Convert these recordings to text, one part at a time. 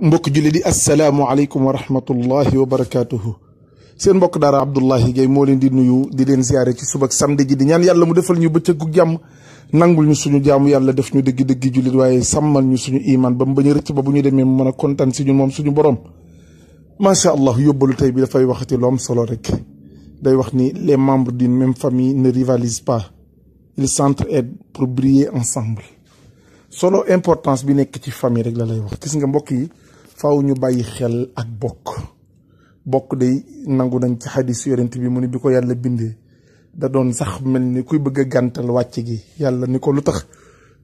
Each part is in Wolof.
mbokk jullit yi asalaamualeykum wa rahmatullahi wa barakaatuhu seen mbokk daara Abdoulahi Gaye moo leen di nuyu di leen ziare ci subak samedi ji di ñaan yàlla mu defal ñu bëccëgu jàmm nangul ñu suñu jaamu yàlla def ñu dégg dëgg jullit waaye sàmmal ñu suñu iman ba mu bañ a rëcc ba bu ñu demee mu mën a kontaan si ñun moom suñu borom macha allah yóbbalu tey bi dafay waxati lu am solo rek day wax ni les membres d'une même famille ne rivalisent pas ils s'entraident pour briller ensemble solo importance bi nekk ci famille rek la lay wax gis nga mbokk yi faw ñu bàyyi xel ak bokk bokk day nangu nañ ci xadis yorent bi mu ni bi ko yàlla bindee da doon sax mel ni kuy bëgg a gàntal wàcc gi yàlla ni ko lu tax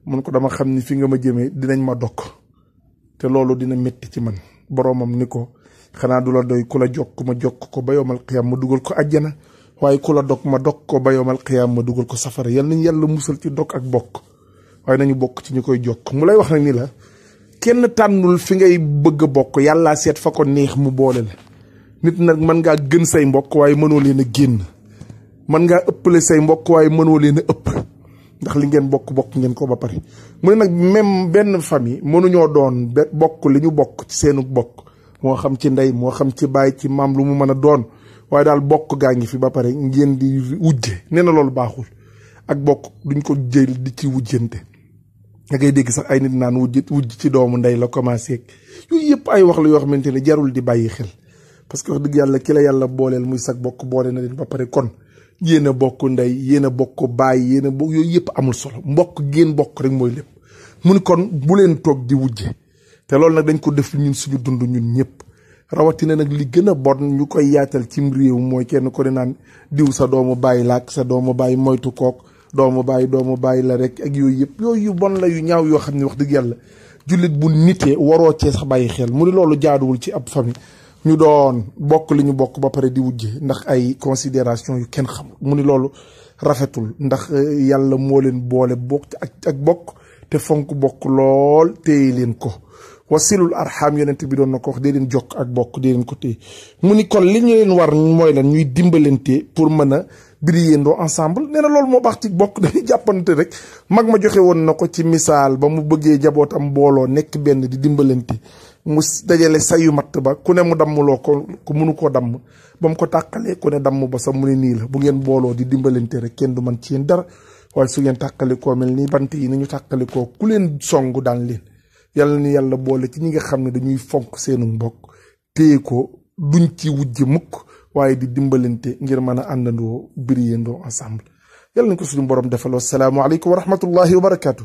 mun ko dama xam ni fi nga ma jëmee dinañ ma dokk te loolu dina métti ci man boroomam ni ko xanaa du la doy ku la jokk ma jokk ko ba yowmal ma dugal ko àjjana waaye ku la dog ma dog ko ba yowmal ma dugal ko safara yal nañ yàlla musal ci dog ak bokk waaye nañu bokk ci ñu koy jokk mu lay wax nag ni la kenn tànnul fi ngay bëgg a bokk yàllaa seet fa ko neex mu boole la nit nag mën ngaa gën say mbokk waaye mënoo leen a génn mën ngaa ëppale say mbokk waaye mënoo leen ëpp ndax li ngeen bokk bokk ngeen ko ba pare mu ne nag même benn famille mënuñoo doon bokk li ñu bokk ci seenu bokk moo xam ci ndey moo xam ci baay ci maam lu mu mën a doon waaye daal bokk gaa ngi fi ba pare ngeen di wujje nee na loolu baaxul ak bokk duñ ko jël di ci wujjante nga ngay dégg sax ay nit naan wujj wujj ci doomu ndey la commencé yooyu yëpp ay wax la yoo xamante ne jarul di bàyyi xel parce que wax dëgg yàlla ki la yàlla booleel muy sag bokk boole na leen ba pare kon yéen a bokk ndey yéen a bokk bàyyi yéen a bokk yooyu yëpp amul solo mbokk génn bokk rek mooy lépp mun kon bu leen toog di wujje te loolu nag dañ ko def ñun suñu dund ñun ñëpp rawatina nag li gën a bon ñu koy yaatal cim réew mooy kenn ko di naan diw sa doomu bàyyi laak sa doomu bàyyi moytu kook doomu bàyyi doomu bàyyi la rek ak yooyu yëpp yooyu yu bon la yu ñaaw yoo xam ne wax dëgg yàlla jullit bu nitee waroo cee sax bàyyi xel mu ni loolu jaaduwul ci ab famille ñu doon bokk li ñu bokk ba pare di wujje ndax ay considération yu kenn xamul mu ni loolu rafetul ndax eh, yàlla moo leen boole bokk ak ak bokk te fonk bokk lool téye leen ko wasilul arxaam yonent bi doon na ko wax dee leen jokk ak bokk dee leen ko téye mu ni kon li ñu leen war mooy lan ñuy dimbalante pour mën a biriyéendoo ensemble nee na loolu moo baax ci bokk dañuy jàppante rek mag ma joxe woon na ko ci misaal ba mu bëggee jabootam booloo nekk benn di dimbalante mu dajale sayu matt ba ku ne mu dammuloo ko ku munu koo damm ba mu ko tàqalee ku ne damm ba sax nii la bu ngeen booloo di dimbalante rek kenn du man ci yéen dara waaye su ngeen tàqalikoo mel nii bant yi ni ñu tàqalikoo ku leen song daan leen yàlla ni yàlla boole ci ñi nga xam ne dañuy fonk seenu mbokk téye ko duñ ci wujj mukk waaye di dimbalante ngir mën a àndandoo biriyandoo ensemble yàlla nañ ko suñu borom defal wassalaamu aleykum wa rahmatullahi wa barakaatu.